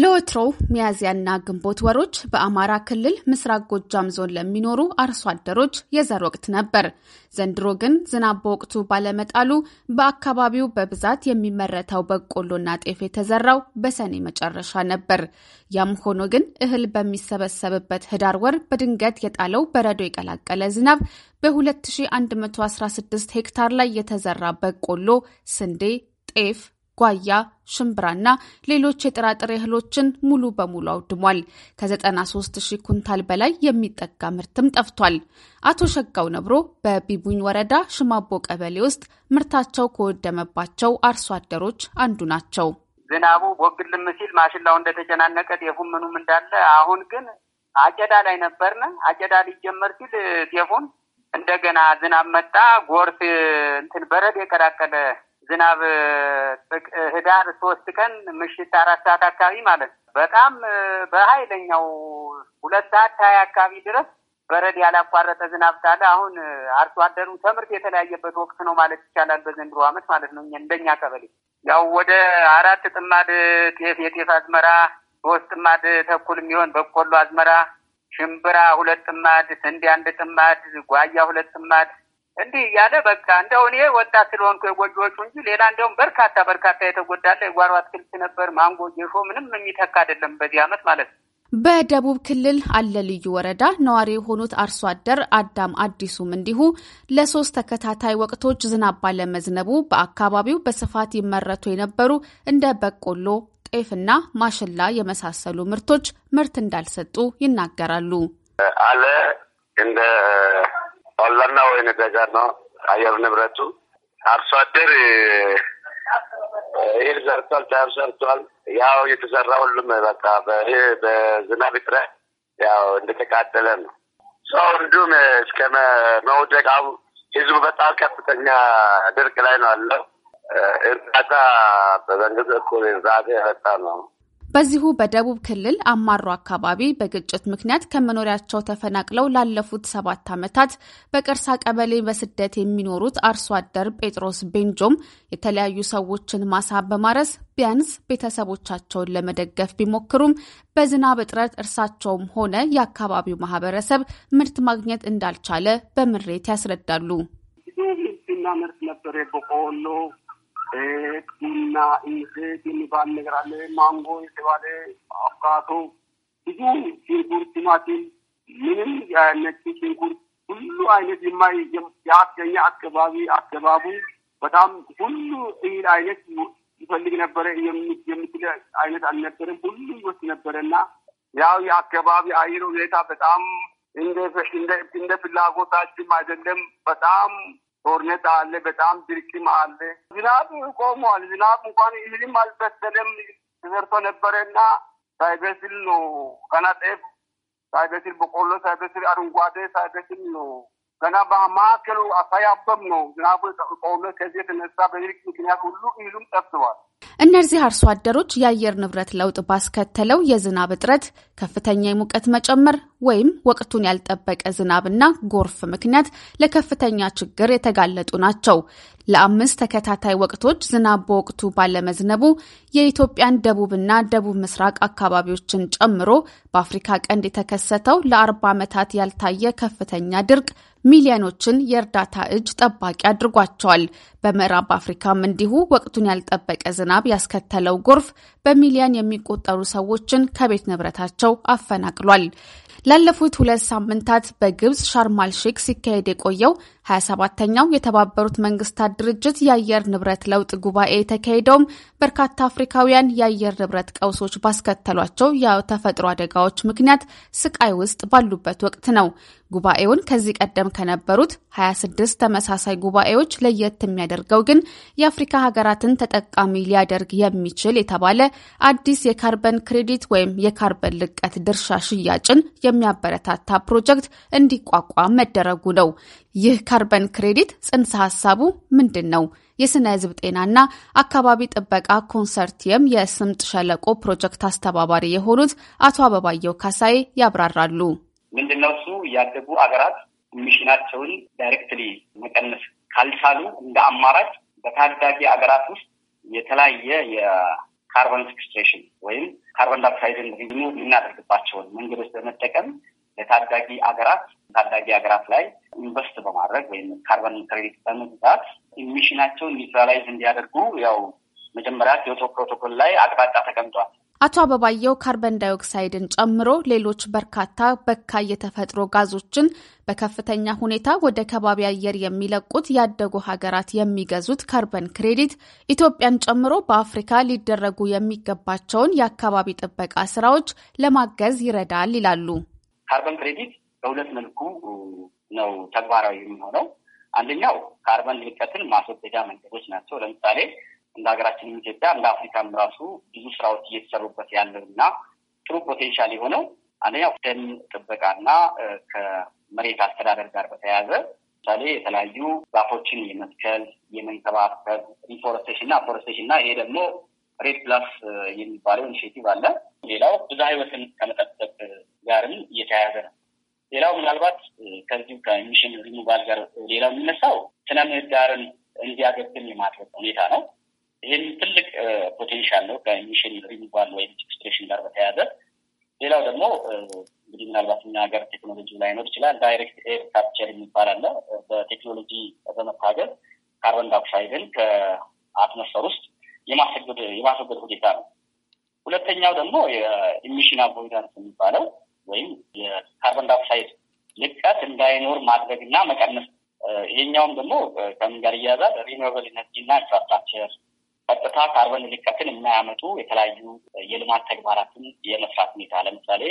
ለወትሮው ሚያዝያና ግንቦት ወሮች በአማራ ክልል ምስራቅ ጎጃም ዞን ለሚኖሩ አርሶ አደሮች የዘር ወቅት ነበር። ዘንድሮ ግን ዝናብ በወቅቱ ባለመጣሉ በአካባቢው በብዛት የሚመረተው በቆሎና ጤፍ የተዘራው በሰኔ መጨረሻ ነበር። ያም ሆኖ ግን እህል በሚሰበሰብበት ህዳር ወር በድንገት የጣለው በረዶ የቀላቀለ ዝናብ በ2116 ሄክታር ላይ የተዘራ በቆሎ፣ ስንዴ፣ ጤፍ ጓያ፣ ሽምብራና ሌሎች የጥራጥሬ እህሎችን ሙሉ በሙሉ አውድሟል። ከ93 ሺህ ኩንታል በላይ የሚጠጋ ምርትም ጠፍቷል። አቶ ሸጋው ነብሮ በቢቡኝ ወረዳ ሽማቦ ቀበሌ ውስጥ ምርታቸው ከወደመባቸው አርሶ አደሮች አንዱ ናቸው። ዝናቡ ወግልም ሲል ማሽላው እንደተጨናነቀ ጤፉም ምኑም እንዳለ፣ አሁን ግን አጨዳ ላይ ነበርን። አጨዳ ሊጀመር ሲል ጤፉን እንደገና ዝናብ መጣ። ጎርፍ እንትን በረድ የቀላቀለ ዝናብ ህዳር ሶስት ቀን ምሽት አራት ሰዓት አካባቢ ማለት ነው። በጣም በኃይለኛው ሁለት ሰዓት ሀያ አካባቢ ድረስ በረድ ያላቋረጠ ዝናብ ካለ አሁን አርሶ አደሩ ትምህርት የተለያየበት ወቅት ነው ማለት ይቻላል። በዘንድሮ ዓመት ማለት ነው እንደኛ ቀበሌ ያው ወደ አራት ጥማድ ጤፍ የጤፍ አዝመራ ሶስት ጥማድ ተኩል የሚሆን በቆሎ አዝመራ፣ ሽምብራ ሁለት ጥማድ፣ ስንዴ አንድ ጥማድ፣ ጓያ ሁለት ጥማድ እንዲህ እያለ በቃ እንደው እኔ ወጣት ስለሆንኩ የጎጆዎቹ እንጂ ሌላ እንደውም በርካታ በርካታ የተጎዳለ የጓሮ አትክልት ነበር፣ ማንጎ፣ ጌሾ ምንም የሚተካ አይደለም በዚህ አመት ማለት ነው። በደቡብ ክልል አለ ልዩ ወረዳ ነዋሪ የሆኑት አርሶ አደር አዳም አዲሱም እንዲሁ ለሶስት ተከታታይ ወቅቶች ዝናብ ባለመዝነቡ በአካባቢው በስፋት ይመረቱ የነበሩ እንደ በቆሎ ጤፍና ማሽላ የመሳሰሉ ምርቶች ምርት እንዳልሰጡ ይናገራሉ። አለ እንደ ዋላና ወይን ነገር ነው አየር ንብረቱ። አርሶ አደር ይህ ዘርቷል፣ ዳር ዘርቷል። ያው የተዘራ ሁሉም በቃ በዝናብ ጥረ ያው እንደተቃጠለ ነው። ሰው እንዲሁም እስከ መውደቅ ህዝቡ በጣም ከፍተኛ ድርቅ ላይ ነው አለው። እርዳታ በመንግስት እኩል እርዳታ የመጣ ነው። በዚሁ በደቡብ ክልል አማሮ አካባቢ በግጭት ምክንያት ከመኖሪያቸው ተፈናቅለው ላለፉት ሰባት ዓመታት በቅርሳ ቀበሌ በስደት የሚኖሩት አርሶ አደር ጴጥሮስ ቤንጆም የተለያዩ ሰዎችን ማሳ በማረስ ቢያንስ ቤተሰቦቻቸውን ለመደገፍ ቢሞክሩም በዝናብ እጥረት እርሳቸውም ሆነ የአካባቢው ማህበረሰብ ምርት ማግኘት እንዳልቻለ በምሬት ያስረዳሉ። ምርት ነበር የበቆሎ እና ኢንሴት የሚባል ነገር አለ። ማንጎ የተባለ አቮካዶ፣ ብዙ ሽንኩርት፣ ቲማቲም፣ ምንም ነጭ ሽንኩርት ሁሉ አይነት የማይገኛ አካባቢ አካባቡ በጣም ሁሉ እህል አይነት ይፈልግ ነበረ። የምትል አይነት አልነበረም። ሁሉ ይወስድ ነበረና ያው የአካባቢ አየር ሁኔታ በጣም እንደ ፍላጎታችን አይደለም በጣም ጦርነት አለ፣ በጣም ድርቅም አለ። ዝናብ ቆሟል። ዝናብ እንኳን እህልም አልበሰለም። ተዘርቶ ነበረና ሳይበስል ነው ገና ጤፍ ሳይበስል፣ በቆሎ ሳይበስል፣ አረንጓዴ ሳይበስል ነው ገና በማዕከሉ አሳያበም ነው ዝናቡ ቆመ። ከዚህ የተነሳ በድርቅ ምክንያት ሁሉ እህሉም ጠፍተዋል። እነዚህ አርሶ አደሮች የአየር ንብረት ለውጥ ባስከተለው የዝናብ እጥረት፣ ከፍተኛ የሙቀት መጨመር ወይም ወቅቱን ያልጠበቀ ዝናብና ጎርፍ ምክንያት ለከፍተኛ ችግር የተጋለጡ ናቸው። ለአምስት ተከታታይ ወቅቶች ዝናብ በወቅቱ ባለመዝነቡ የኢትዮጵያን ደቡብና ደቡብ ምስራቅ አካባቢዎችን ጨምሮ በአፍሪካ ቀንድ የተከሰተው ለአርባ ዓመታት ያልታየ ከፍተኛ ድርቅ ሚሊዮኖችን የእርዳታ እጅ ጠባቂ አድርጓቸዋል። በምዕራብ አፍሪካም እንዲሁ ወቅቱን ያልጠበቀ ዝናብ ዝናብ ያስከተለው ጎርፍ በሚሊዮን የሚቆጠሩ ሰዎችን ከቤት ንብረታቸው አፈናቅሏል። ላለፉት ሁለት ሳምንታት በግብጽ ሻርማል ሼክ ሲካሄድ የቆየው 27ተኛው የተባበሩት መንግስታት ድርጅት የአየር ንብረት ለውጥ ጉባኤ የተካሄደውም በርካታ አፍሪካውያን የአየር ንብረት ቀውሶች ባስከተሏቸው የተፈጥሮ አደጋዎች ምክንያት ስቃይ ውስጥ ባሉበት ወቅት ነው። ጉባኤውን ከዚህ ቀደም ከነበሩት 26 ተመሳሳይ ጉባኤዎች ለየት የሚያደርገው ግን የአፍሪካ ሀገራትን ተጠቃሚ ሊያደርግ የሚችል የተባለ አዲስ የካርበን ክሬዲት ወይም የካርበን ልቀት ድርሻ ሽያጭን የሚያበረታታ ፕሮጀክት እንዲቋቋም መደረጉ ነው። ይህ ካርበን ክሬዲት ጽንሰ ሀሳቡ ምንድን ነው? የስነ ህዝብ ጤናና አካባቢ ጥበቃ ኮንሰርቲየም የስምጥ ሸለቆ ፕሮጀክት አስተባባሪ የሆኑት አቶ አበባየው ካሳይ ያብራራሉ። ምንድነው እሱ ያደጉ አገራት ሚሽናቸውን ዳይሬክትሊ መቀነስ ካልቻሉ እንደ አማራጭ በታዳጊ አገራት ውስጥ የተለያየ ካርቦን ሴኩስትሬሽን ወይም ካርቦን ዳክሳይድን ሪሙቭ የምናደርግባቸውን መንገዶች በመጠቀም ለታዳጊ ሀገራት ታዳጊ ሀገራት ላይ ኢንቨስት በማድረግ ወይም ካርቦን ክሬዲት በመግዛት ኢሚሽናቸውን ኒውትራላይዝ እንዲያደርጉ ያው መጀመሪያ ኪዮቶ ፕሮቶኮል ላይ አቅጣጫ ተቀምጧል። አቶ አበባየው ካርበን ዳይኦክሳይድን ጨምሮ ሌሎች በርካታ በካይ የተፈጥሮ ጋዞችን በከፍተኛ ሁኔታ ወደ ከባቢ አየር የሚለቁት ያደጉ ሀገራት የሚገዙት ካርበን ክሬዲት ኢትዮጵያን ጨምሮ በአፍሪካ ሊደረጉ የሚገባቸውን የአካባቢ ጥበቃ ስራዎች ለማገዝ ይረዳል ይላሉ። ካርበን ክሬዲት በሁለት መልኩ ነው ተግባራዊ የሚሆነው። አንደኛው ካርበን ልቀትን ማስወገጃ መንገዶች ናቸው። ለምሳሌ እንደ ሀገራችንም ኢትዮጵያ እንደ አፍሪካም ራሱ ብዙ ስራዎች እየተሰሩበት ያለው እና ጥሩ ፖቴንሻል የሆነው አንደኛው ደን ጥበቃና ከመሬት አስተዳደር ጋር በተያያዘ ምሳሌ የተለያዩ ዛፎችን የመትከል የመንከባከብ ሪፎረስቴሽን እና ፎረስቴሽን እና ይሄ ደግሞ ሬድ ፕላስ የሚባለው ኢኒሽቲቭ አለ። ሌላው ብዝሃ ሕይወትን ከመጠበቅ ጋርም እየተያያዘ ነው። ሌላው ምናልባት ከዚሁ ከኢሚሽን ሪሙቫል ጋር ሌላው የሚነሳው ስነ ምህዳርን እንዲያገግም የማድረግ ሁኔታ ነው። ይህም ትልቅ ፖቴንሻል ነው ከኢሚሽን ሪሙቫል ወይም ኤክስትሬሽን ጋር በተያያዘ ሌላው ደግሞ እንግዲህ ምናልባት እኛ ሀገር ቴክኖሎጂ ላይኖር ይችላል። ዳይሬክት ኤር ካፕቸር የሚባል አለ። በቴክኖሎጂ በመታገዝ ካርበን ዳይኦክሳይድን ከአትሞስፈር ውስጥ የማስወገድ ሁኔታ ነው። ሁለተኛው ደግሞ የኢሚሽን አቮይዳንስ የሚባለው ወይም የካርበን ዳይኦክሳይድ ልቀት እንዳይኖር ማድረግ እና መቀነስ። ይሄኛውም ደግሞ ከምን ጋር እያያዛል? ሪኒዌብል ኢነርጂ እና ኢንፍራስትራክቸር ቀጥታ ካርበን ልቀትን የማያመጡ የተለያዩ የልማት ተግባራትን የመስራት ሁኔታ ለምሳሌ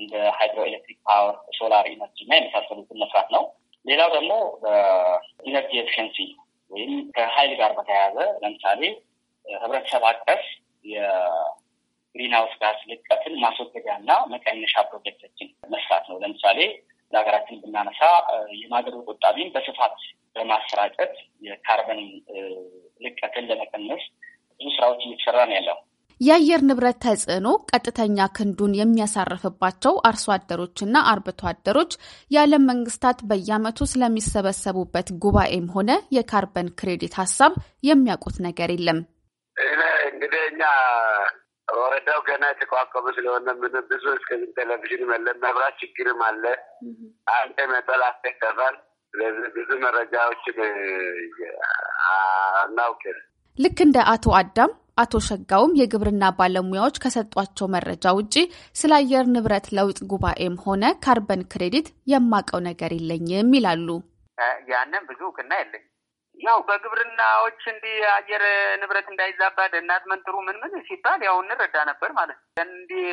እንደ ሃይድሮ ኤሌክትሪክ ፓወር፣ ሶላር ኢነርጂ እና የመሳሰሉትን መስራት ነው። ሌላው ደግሞ በኢነርጂ ኤፊሽንሲ ወይም ከሀይል ጋር በተያያዘ ለምሳሌ ህብረተሰብ አቀፍ የግሪንሃውስ ጋስ ልቀትን ማስወገጃ እና መቀነሻ ፕሮጀክቶችን መስራት ነው። ለምሳሌ ለሀገራችን ብናነሳ የማገዶ ቆጣቢን በስፋት በማሰራጨት የካርበን ልቀትን ለመቀነስ ብዙ ስራዎች እየተሰራ ነው ያለው። የአየር ንብረት ተጽዕኖ ቀጥተኛ ክንዱን የሚያሳርፍባቸው አርሶ አደሮችና አርብቶ አደሮች የዓለም መንግስታት በየዓመቱ ስለሚሰበሰቡበት ጉባኤም ሆነ የካርበን ክሬዲት ሀሳብ የሚያውቁት ነገር የለም። እንግዲህ እኛ ወረዳው ገና የተቋቋመ ስለሆነ ምንም ብዙ እስከዚህ ቴሌቪዥን መለ መብራት ችግርም አለ። አንተ መጠል አስተከፋል ስለዚህ ብዙ መረጃዎችን አናውቅም። ልክ እንደ አቶ አዳም አቶ ሸጋውም የግብርና ባለሙያዎች ከሰጧቸው መረጃ ውጪ ስለ አየር ንብረት ለውጥ ጉባኤም ሆነ ካርበን ክሬዲት የማውቀው ነገር የለኝም ይላሉ። ያንን ብዙ እውቅና የለኝ። ያው በግብርናዎች እንዲህ አየር ንብረት እንዳይዛባ ደናት መንጥሩ ምን ምን ሲባል ያው እንረዳ ነበር ማለት ነው። እንዲህ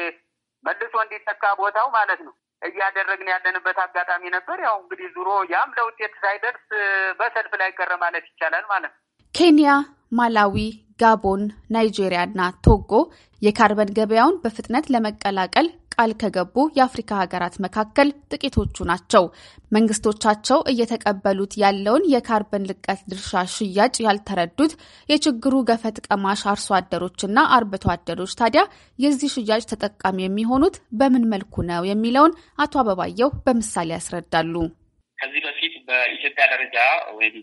መልሶ እንዲተካ ቦታው ማለት ነው። እያደረግን ያለንበት አጋጣሚ ነበር። ያው እንግዲህ ዙሮ ያም ለውጤት ሳይደርስ በሰልፍ ላይ ቀረ ማለት ይቻላል ማለት ነው። ኬንያ፣ ማላዊ፣ ጋቦን፣ ናይጄሪያ እና ቶጎ የካርበን ገበያውን በፍጥነት ለመቀላቀል ቃል ከገቡ የአፍሪካ ሀገራት መካከል ጥቂቶቹ ናቸው። መንግስቶቻቸው እየተቀበሉት ያለውን የካርበን ልቀት ድርሻ ሽያጭ ያልተረዱት የችግሩ ገፈት ቀማሽ አርሶ አደሮችና አርብቶ አደሮች ታዲያ የዚህ ሽያጭ ተጠቃሚ የሚሆኑት በምን መልኩ ነው የሚለውን አቶ አበባየው በምሳሌ ያስረዳሉ። ከዚህ በፊት በኢትዮጵያ ደረጃ ወይም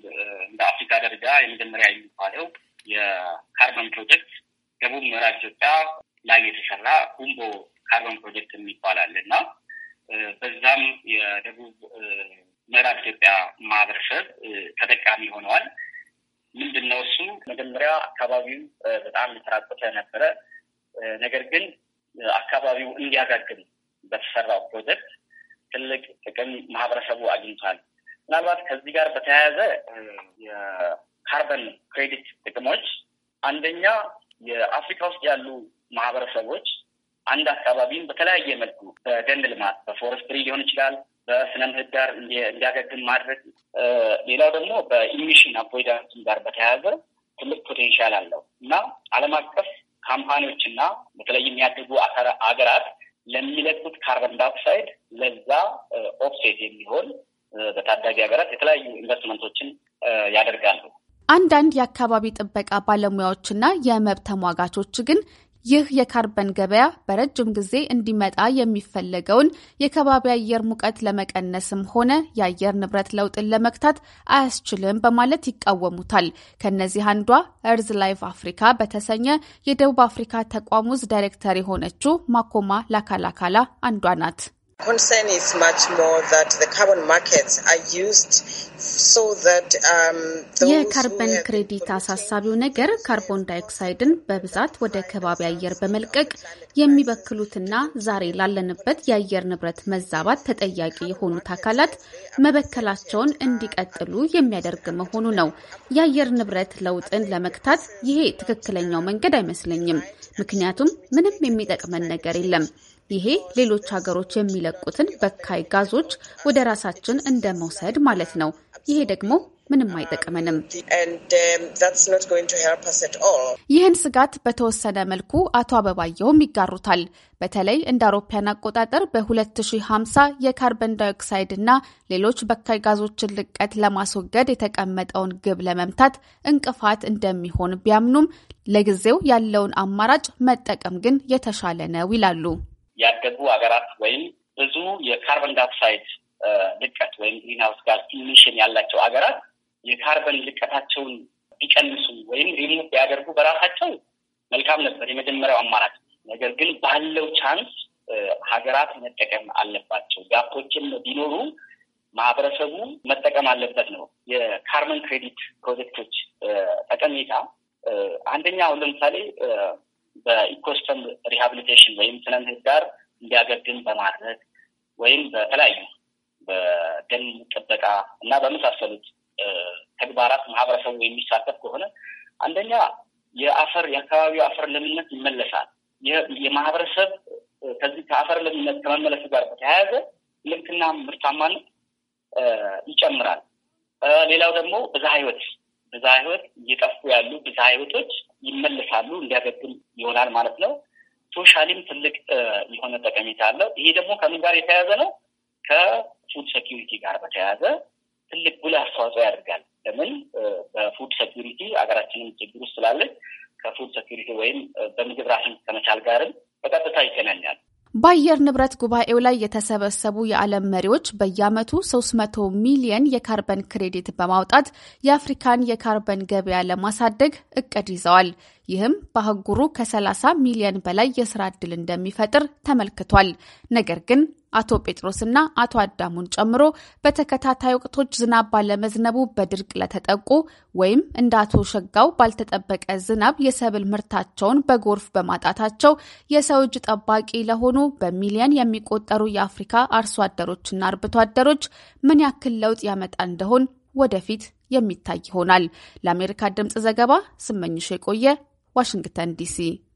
እንደ አፍሪካ ደረጃ የመጀመሪያ የሚባለው የካርበን ፕሮጀክት ደቡብ ምዕራብ ኢትዮጵያ ላይ የተሰራ ሁምቦ ካርበን ፕሮጀክት የሚባል አለ እና በዛም የደቡብ ምዕራብ ኢትዮጵያ ማህበረሰብ ተጠቃሚ ሆነዋል። ምንድን ነው እሱ? መጀመሪያ አካባቢው በጣም የተራቆተ ነበረ። ነገር ግን አካባቢው እንዲያጋግም በተሰራው ፕሮጀክት ትልቅ ጥቅም ማህበረሰቡ አግኝቷል። ምናልባት ከዚህ ጋር በተያያዘ የካርበን ክሬዲት ጥቅሞች አንደኛ የአፍሪካ ውስጥ ያሉ ማህበረሰቦች አንድ አካባቢን በተለያየ መልኩ በደን ልማት በፎረስትሪ ሊሆን ይችላል በስነ ምህዳር እንዲያገግም ማድረግ። ሌላው ደግሞ በኢሚሽን አቮይዳንስ ጋር በተያያዘ ትልቅ ፖቴንሻል አለው እና አለም አቀፍ ካምፓኒዎች እና በተለይ የሚያድጉ አገራት ለሚለቁት ካርበን ዳይኦክሳይድ ለዛ ኦፍሴት የሚሆን በታዳጊ ሀገራት የተለያዩ ኢንቨስትመንቶችን ያደርጋሉ። አንዳንድ የአካባቢ ጥበቃ ባለሙያዎችና የመብት ተሟጋቾች ግን ይህ የካርበን ገበያ በረጅም ጊዜ እንዲመጣ የሚፈለገውን የከባቢ አየር ሙቀት ለመቀነስም ሆነ የአየር ንብረት ለውጥን ለመግታት አያስችልም በማለት ይቃወሙታል። ከነዚህ አንዷ እርዝ ላይቭ አፍሪካ በተሰኘ የደቡብ አፍሪካ ተቋም ውስጥ ዳይሬክተር የሆነችው ማኮማ ላካላካላ አንዷ ናት። Concern is much more that the carbon markets are used um, የካርበን ክሬዲት አሳሳቢው ነገር ካርቦን ዳይኦክሳይድን በብዛት ወደ ከባቢ አየር በመልቀቅ የሚበክሉትና ዛሬ ላለንበት የአየር ንብረት መዛባት ተጠያቂ የሆኑት አካላት መበከላቸውን እንዲቀጥሉ የሚያደርግ መሆኑ ነው። የአየር ንብረት ለውጥን ለመግታት ይሄ ትክክለኛው መንገድ አይመስለኝም። ምክንያቱም ምንም የሚጠቅመን ነገር የለም። ይሄ ሌሎች ሀገሮች የሚለቁትን በካይ ጋዞች ወደ ራሳችን እንደ መውሰድ ማለት ነው። ይሄ ደግሞ ምንም አይጠቅመንም። um, ይህን ስጋት በተወሰነ መልኩ አቶ አበባየውም ይጋሩታል። በተለይ እንደ አውሮፓያን አቆጣጠር በ2050 የካርበን ዳይኦክሳይድ እና ሌሎች በካይ ጋዞችን ልቀት ለማስወገድ የተቀመጠውን ግብ ለመምታት እንቅፋት እንደሚሆን ቢያምኑም ለጊዜው ያለውን አማራጭ መጠቀም ግን የተሻለ ነው ይላሉ። ያደጉ ሀገራት ወይም ብዙ የካርበን ዳይኦክሳይድ ልቀት ወይም ግሪንሃውስ ጋዝ ኢሚሽን ያላቸው ሀገራት የካርበን ልቀታቸውን ቢቀንሱ ወይም ሪሙቭ ቢያደርጉ በራሳቸው መልካም ነበር፣ የመጀመሪያው አማራጭ። ነገር ግን ባለው ቻንስ ሀገራት መጠቀም አለባቸው። ጋፖችም ቢኖሩ ማህበረሰቡ መጠቀም አለበት ነው። የካርበን ክሬዲት ፕሮጀክቶች ጠቀሜታ አንደኛ አሁን ለምሳሌ በኢኮስተም ሪሃብሊቴሽን ወይም ስነ ምህዳር እንዲያገግም በማድረግ ወይም በተለያዩ በደን ጥበቃ እና በመሳሰሉት ተግባራት ማህበረሰቡ የሚሳተፍ ከሆነ አንደኛ የአፈር የአካባቢው አፈር ለምነት ይመለሳል። የማህበረሰብ ከዚህ ከአፈር ለምነት ከመመለሱ ጋር በተያያዘ ልምትና ምርታማነት ይጨምራል። ሌላው ደግሞ ብዝሃ ህይወት ብዝሃ ህይወት እየጠፉ ያሉ ብዝሃ ህይወቶች ይመለሳሉ እንዲያገግም ይሆናል ማለት ነው። ሶሻሊም ትልቅ የሆነ ጠቀሜታ አለው። ይሄ ደግሞ ከምን ጋር የተያያዘ ነው? ከፉድ ሴኪሪቲ ጋር በተያያዘ ትልቅ ጉልህ አስተዋጽኦ ያደርጋል። ለምን በፉድ ሴኪሪቲ ሀገራችንም ችግር ውስጥ ስላለች ከፉድ ሴኪሪቲ ወይም በምግብ ራስን ከመቻል ጋርም በቀጥታ ይገናኛል። በአየር ንብረት ጉባኤው ላይ የተሰበሰቡ የዓለም መሪዎች በየዓመቱ 300 ሚሊየን የካርበን ክሬዲት በማውጣት የአፍሪካን የካርበን ገበያ ለማሳደግ እቅድ ይዘዋል። ይህም በአህጉሩ ከ30 ሚሊዮን በላይ የስራ ዕድል እንደሚፈጥር ተመልክቷል። ነገር ግን አቶ ጴጥሮስና አቶ አዳሙን ጨምሮ በተከታታይ ወቅቶች ዝናብ ባለመዝነቡ በድርቅ ለተጠቁ ወይም እንደ አቶ ሸጋው ባልተጠበቀ ዝናብ የሰብል ምርታቸውን በጎርፍ በማጣታቸው የሰው እጅ ጠባቂ ለሆኑ በሚሊየን የሚቆጠሩ የአፍሪካ አርሶ አደሮችና አርብቶ አደሮች ምን ያክል ለውጥ ያመጣ እንደሆን ወደፊት የሚታይ ይሆናል። ለአሜሪካ ድምፅ ዘገባ ስመኝሽ የቆየ ዋሽንግተን ዲሲ